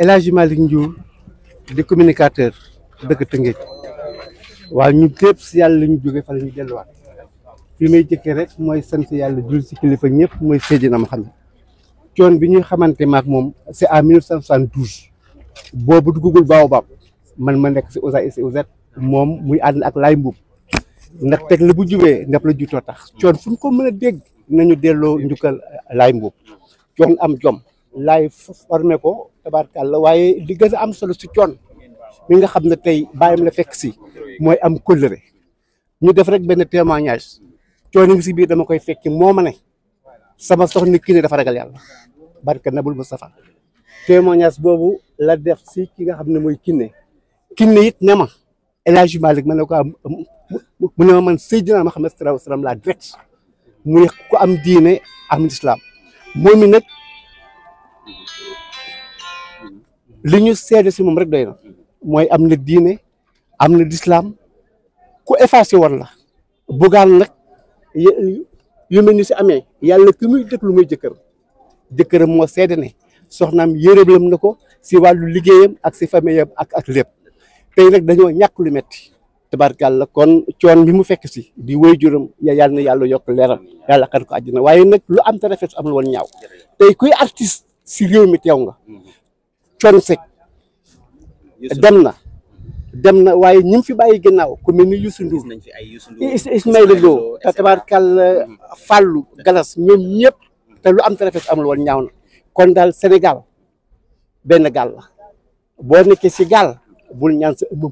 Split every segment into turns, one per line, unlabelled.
El Hadji Malick di communicateur dëkk Tëngéej waaw ñu lépp si yàlla la ñu jógee fa la ñu delluwaat fi may jëkkee rek mooy sant yàlla jul si kilifa ñëpp mooy Seydina Muhammad coon bi ñuy xamante maak moom c'est à 1972 boobu duggagul Baobab man ma nekk si Oza et Oz moom muy ànd ak laay mbuub ndax teg la bu jubee ndef la jutoo tax coon fu ñu ko mën a dégg nañu delloo njukkal laay mbuub coon am jom laay formé ko tabarkàlla waaye li gën am solo si coon mi nga xam ne tey bàyyam la fekk si mooy am kóllëre ñu def rek benn témoignage coon ngi si biir dama koy fekki moo ma ne sama soxna kii ne dafa ragal yàlla barka Nabul Mustafa témoignage boobu la def si ki nga xam ne mooy kine kinne it ne ma El Hadj Malick ko mu ne ma man Seydina Muhammad sallallahu alayhi wa sallam laa direct mu ne ku am diine am lislaam moom mi li ñu seede si moom rek doy na mooy am na diine am na lislaam ku effacé woon la bugaan nag yu mel ni si amee yàlla ki muy dëkk lu muy jëkkër jëkkëram moo seede ne soxnaam yërëblam na ko si wàllu liggéeyam ak si famille ak ak lépp tey nag dañoo ñàkk lu metti tabarkàlla kon coon bi mu fekk si di wéy juróom yàlla na yàlla yokk leeram yàlla xar ko àjjana waaye nag lu am te rafet am lu woon ñaaw tey kuy artiste si réew mi teew nga coon sek dem na dem na waaye ñi fi bàyyi ginnaaw ku mel ni Youssou Ndour Ismaïla Lo te tabaarkàlla mm-hmm. Fallou Galas ñoom ñëpp te lu am te rafet amul ñaaw na kon daal senegal benn gaal la boo nekkee si gaal bul ñaan sa ëmb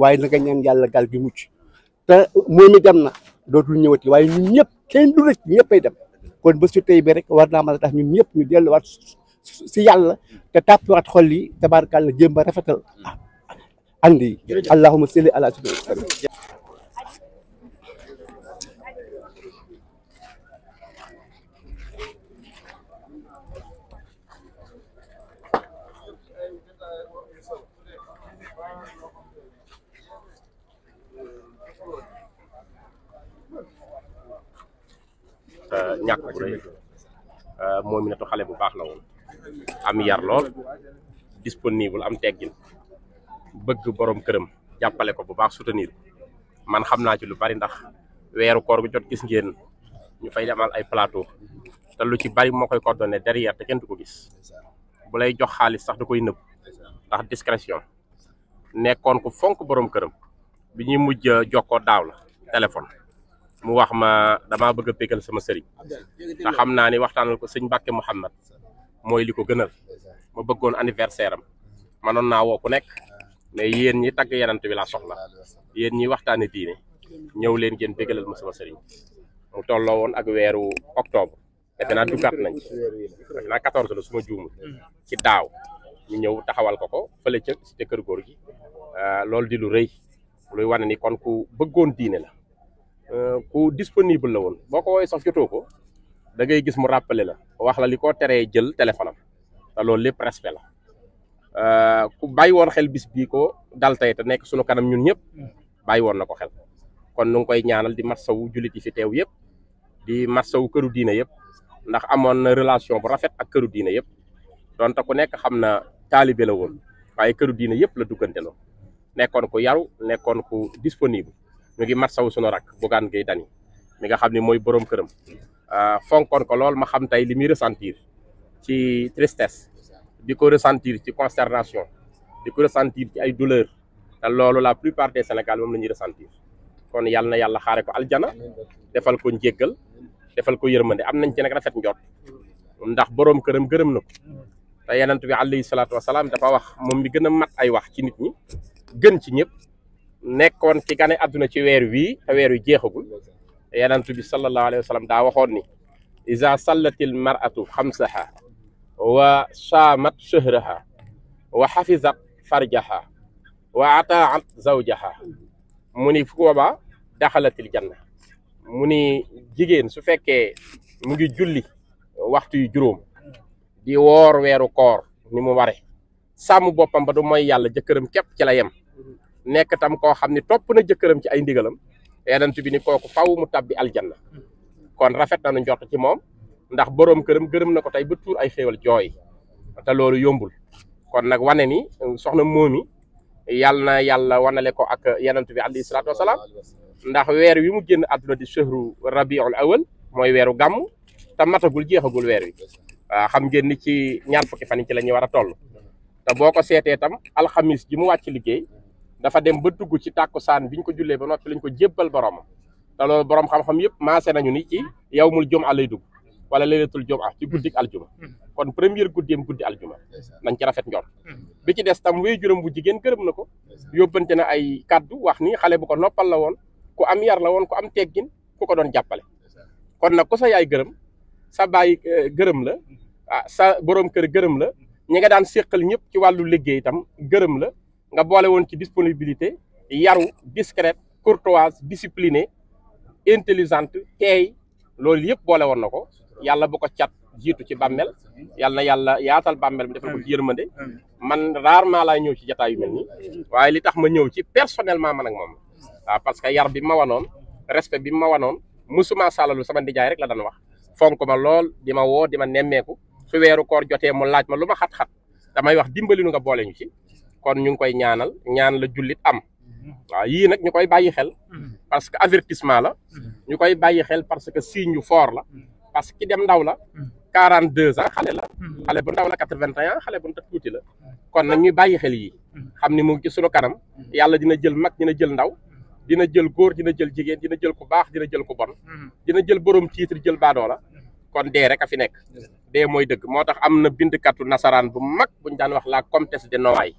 waaye naga nga ñaan yàlla gaal gi mucc te moom i dem na dootul ñëwati waaye ñun ñëpp kenn du rëcc ñëppay dem kon bésu tey bi rek war naa mën a tax ñun ñëpp ñu delluwaat si yàlla te tàppiwaat xol yi tabaarkàlla jéem ba rafetal andi allahumma salli ala sayyidina
euh, ñàkk bu euh, moom mi natu xale bu baax la woon am yar lool disponible am teggin bëgg borom këram jàppale ko bu baax soutenir man hamna naa ci lu bari ndax weeru koor gu jot gis ngeen ñu fay demal ay plateau te lu ci bari moo koy coordonné derrière te kenn du ko gis bu lay jox xaalis sax da koy ndax discrétion ko fonk borom këram bi ñuy mujj jokkoo daaw la téléphone mu wax ma damaa bëgg a pégal sama sëriñ te xam ni ko Muhammad moy li ko gënal ma bëggoon anniversaire am manoon naa woo ku nekk mais yéen ñi tagg yenant bi laa soxla yéen ñi waxtaane diine ñëw leen ngeen bégalal ma sama sëriñ mu tolloo woon ak weeru octobre defe naa duggaat nañ ci defe naa quatorze la suma juumul ci daaw ñu ñëw taxawal ko ko fële ca cité kër góor gi euh, loolu di lu rëy luy wane ni kon ku bëggoon diine la euh, ku disponible la woon boo ko woowee sax jotoo da ngay gis mu rappelé la wax la li ko teree jël téléphone am te loolu lépp respect la euh, ku bàyyi woon xel bis bii ko dal tey te nekk suñu kanam ñun ñëpp bàyyi woon na xel kon nu ñaanal di marsawu jullit fi di marsawu këru diine yëpp ndax amoon relation bu rafet ak këru yep don ta ku nekk xam na taalibe la woon waaye këru diine yëpp la duggante ku yaru nekkoon ku disponible ñu ngi marsawu sunu rak Bougane Gueye dani mi nga xam borom Euh, fonkoon ko lool ma xam tey li muy ressentir ci tristesse di ko ressentir ci consternation di ressentir ci ay douleur la plupart des Sénégal ressentir kon yalna yalla yàlla ko aljana defal ko defal ko mande. am nañ ci nag rafet njot ndax boroom këram gërëm na ko te yenent bi alayhi salaatu wasalaam dafa wax moom mi gën mat ay wax ci nit ñi gën ci ñëpp nekkoon ki gane àdduna ci wi yanantu bi sallallahu alayhi wa sallam daa waxoon ni iza sallatil mar'atu wa shamat shahraha wa hafizat farjaha wa ataat zawjaha mu ni fu boobaa daxalatil janna mu ni jigéen su fekkee mu ngi julli waxtu yu juróom di woor weeru koor ni mu ware sàmm boppam ba du ci la tam na ci ay ndigalam yonent bi ni kooku faw mu tabbi aljanna kon rafet na nu njort ci borom ndax boroom këram gërëm na ko tey ba tuur ay xéewal jooy yombul kon nagwaneni wane ni soxna moomi yàll na yàlla wanale ko ak yonent bi alayhi salaatu wasalaam ndax weer wi mu di chehru rabiul awal mooy weeru gàmm te matagul jeexagul weer wi waaw xam ngeen ni ci ñaar fukki fan yi ci la ñuy toll ji mu liggéey dafa dem ba dugg ci saan bi ñu ko jullee ba noppi lañ ko jébbal boroomam te loolu boroom xam-xam yëpp maase nañu ni ci yawmul juma lay dugg wala laylatul juma ci guddik aljuma hmm. kon première guddeem guddi aljuma nañ ci rafet njort hmm. bi ci des tam wéy juróom bu jigéen gërëm na ko yóbbante na ay kàddu wax ni xale bu ko noppal la woon ku am yar la woon ku am teggin ku ko doon jàppale kon nag ko sa yaay gërëm sa baay eh, gërëm la hmm. ah, sa boroom kër gërëm la ñi nga daan séqal ñëpp ci wàllu liggéey itam gërëm la nga boole woon ci disponibilité yaru discrète courtoise disciplinée intelligente teey loolu yëpp boole woon na ko yàlla bu ko cat jiitu ci bàmmel yàlla na yàlla yaatal bàmmel bi defal ko ci yërmande man rarement laay ñëw ci jotaay yu mel nii waaye li tax ma ñëw ci personnellement man ak moom waaw parce que yar bi ma wanoon respect bi ma wanoon musuma sàllalu sama ndijaay rek la daan wax fonk ma lool di ma woo di ma nemmeeku su weeru koor jotee mu laaj ma lu ma xat-xat damay wax dimbali nu nga boole ñu ci kon ñu ngi koy ñaanal ñaan la jullit am mhm. waaw yii nag ñu koy bàyyi xel mhm. parce que avertissement la mhm. ñu koy bàyyi xel parce que signe yu fort la parce que ki dem ndaw la quarante deux ans xale la xale bu ndaw la quatre vingt en un xale bu ndaw tuuti la kon nag ñuy bàyyi xel yii xam ni mu ngi sunu kanam yàlla dina jël mag dina jël ndaw dina jël góor dina jël jigéen dina jël ku baax dina jël ku bon dina jël borom titre jël baadoo la kon dee rek a fi nekk dee mooy dëgg moo tax am na bindkatu nasaraan bu mag buñ daan wax la comtesse de Noailles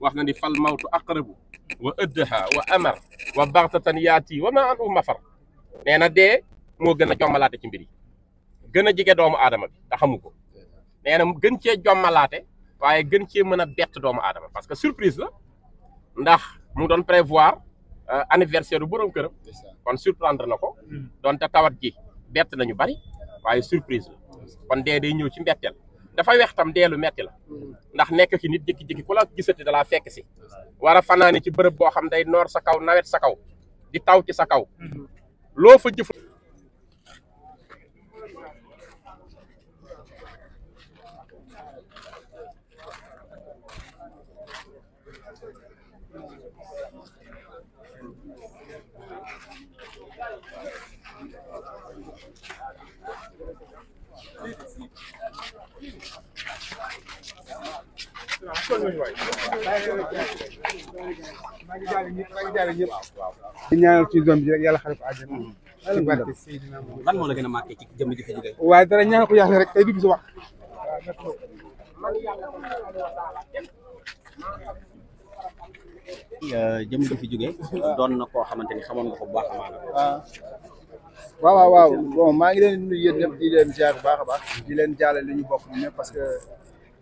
wax na ni fal mawtu aqrabu wa ëddaha wa amar wa baxtatan yaati wa ma anhu mafar nee na dee moo gën a jommalaate ci mbir gën a jige doomu aadama bi te ko nee na gën cee jommalaate waaye gën cee mën a bett doomu aadama parce que surprise la ndax mu doon prévoir euh, anniversaire bu borom këram kon surprendre na ko mm. doonte tawat ji bett nañu bari waaye surprise la kon dee day ñëw ci mbetteel dafa weex tam deelu metti la ndax nekk ki nit jékki-jékki ku la gisati dalaa fekk si wara a fanaani ci bërëb boo xam day noor sa kaw nawet sa kaw di taw ci sa kaw mm-hmm. loo fa jëf
ci ñaanal ci doom bi rek yàlla xare ko
ci barke Seydina lan moo la gën a ci jëmm
ji fi
jógee
waaye dara ñaan ko yàlla rek tey du bis wax jëmm ji fi jógee doon na koo xamante ko bu baax amaana waaw waaw waaw bon maa ngi leen nuyu yéen ñëpp di leen ziar bu baax baax di
leen jaale li ñu bokk ñëpp parce que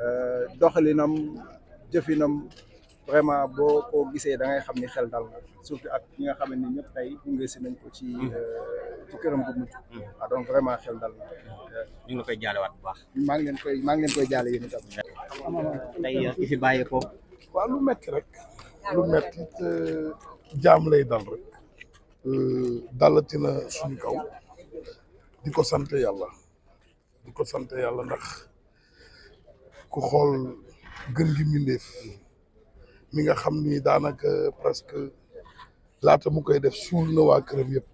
Euh, doxalinam jëfinam vraiment boo ko gisee da ngay xam ni xel dal na surtout ak ñi nga xam ne ñëpp tey gunge si nañ ko ci. Hmm. Euh,
ci këram bu mujj. waaw hmm. ah, donc vraiment xel dal na. Hmm. ñu ngi la koy jaalewaat bu baax. maa ngeen
koy maa ngi leen koy jaale yéen itam. tey euh, ki fi bàyyee ko. waaw lu metti rek. lu metti te lay dal rek. dalati suñu kaw. di ko sant yàlla. di ko sant yàlla ndax. ku xool gën gi mbindeef nga xam ni daanaka presque laata mu koy def suul na waa këram yëpp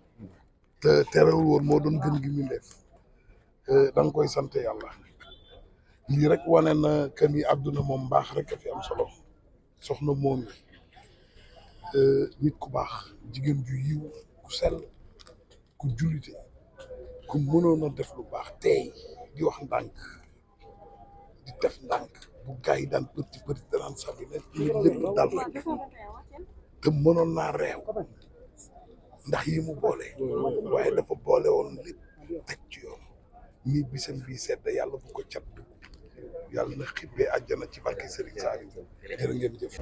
te terewul woon moo doon gën gi mbindeef da nga koy sante yàlla lii rek wane na que ni àdduna moom mbaax rek a fi am solo soxna moom e, nit ku baax jigéen ju ku sell ku jullite ku mënoon def lu baax tey di wax ndànk di def ndànk bu gars yi daan petit petit daan sabi ne nit lépp dal rek te mënoon naa réew ndax yi mu boole waaye dafa boole woon lépp teg ci yoon nii bisam bii sedd yàlla bu ko cat yàlla na xibbee àjjana ci barke Serigne Saliou jërë jëf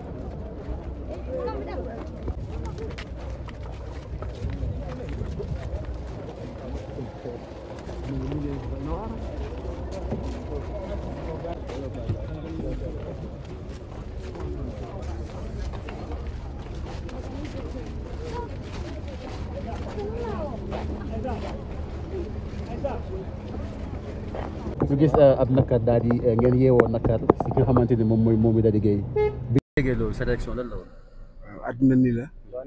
ñu gis euh, ab nakar daal di euh, ngeen yeewoo nakar si nga xamante ni moom mooy moom mi daal di géey bi déggee loolu la woon waaw àdduna ni la waaw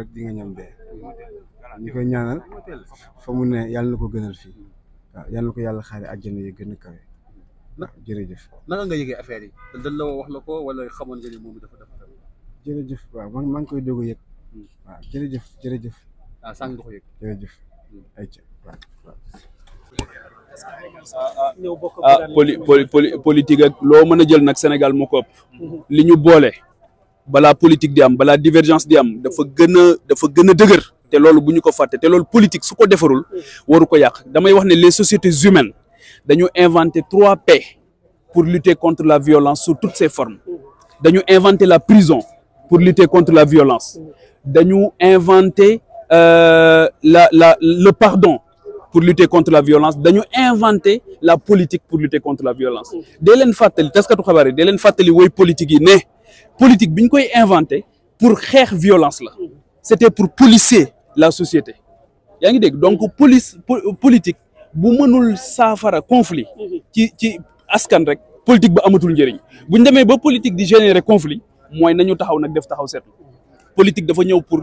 rek di nga ñam dee ñu koy ne yàlla na ko gënal fii ko yàlla xaare àjjana yi gën a kawe na jërëjëf naka nga affaire yi dañ la wax la ko jërëjëf man maa ngi koy doog a yëg hmm. waaw jërëjëf jërëjëf ah,
ah politique ak loo mën a jël nag Sénégal moo ko bolé, li la politique di am la divergence di am dafa gën a dafa gën a dëgër te loolu bu ñu ko fàtte te loolu politique su ko defarul waru ko yàq damay wax ne les sociétés humaines dañu inventer trois P pour lutter contre la violence sous toutes ses formes dañu inventer la prison pour lutter contre la violence dañu inventer euh, la, la, le pardon pour lutter contre la violence dañu inventer la politique pour lutter contre la violence dee leen fàttali taskatu xabaar yi dee leen fàttali woy politique yi ne politique bi ñu koy inventé pour faire violence la c'était pour policier la société ngi donc police politique bu mënul saafara conflit ci ci askan rek politique ba amatul njëriñ buñ démé ba politique di générer conflit moy nañu taxaw nak def taxaw seetlu politique dafa ñëw pour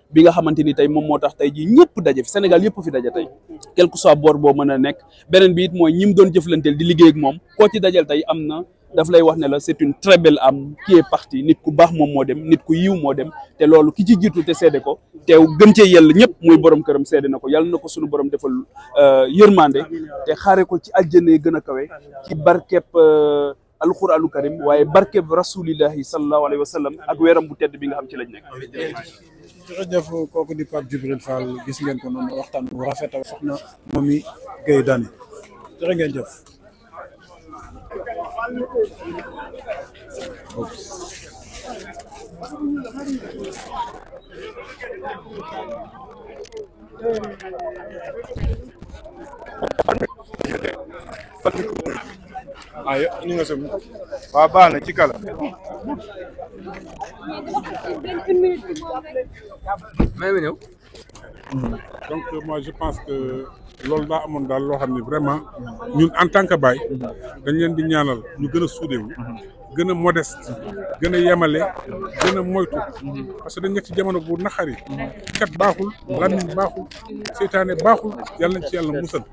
bi nga xamante ni tey moom moo tax tey ji ñëpp daje fi Sénégal yëpp fi daje tey quel que soit boor boo mën a nekk beneen bi it mooy ñi mu doon jëflanteel di liggéey ak moom ko ci dajal tey am na daf lay wax ne la c'est une très am âme qui nit ku baax moom moo dem nit ku yiw moo dem te loolu ki ci jiitu te seede ko teew gën cee yàlla ñëpp muy borom këram seede na ko yàlla na ko sunu borom defal euh, yërmande te xaare ko ci àjjana gën a kawe ci barkeb euh, alquranu karim waaye barkeb rasulillahi sallallahu alayhi wa sallam ak weeram bu tedd bi nga xam ci lañ nekk
jërëjëf kooku di Pape Djibril Fall gis ngeen ko noonu waxtaan bu rafet ak soxna ngeen jëf.
Thank you. ah yo waaw baax na ci kala
may ma ñëw euh, je pense que loolu daa amoon daal loo xam ne vraiment ñun en tant que baay dañ leen di ñaanal ñu gën a suudewu gën a modeste gën a yemale gën a moytu parce que dañ nekk ci jamono bu naqari kat baaxul làmmiñ baaxul seytaane baaxul yàlla nañ ci yàlla musal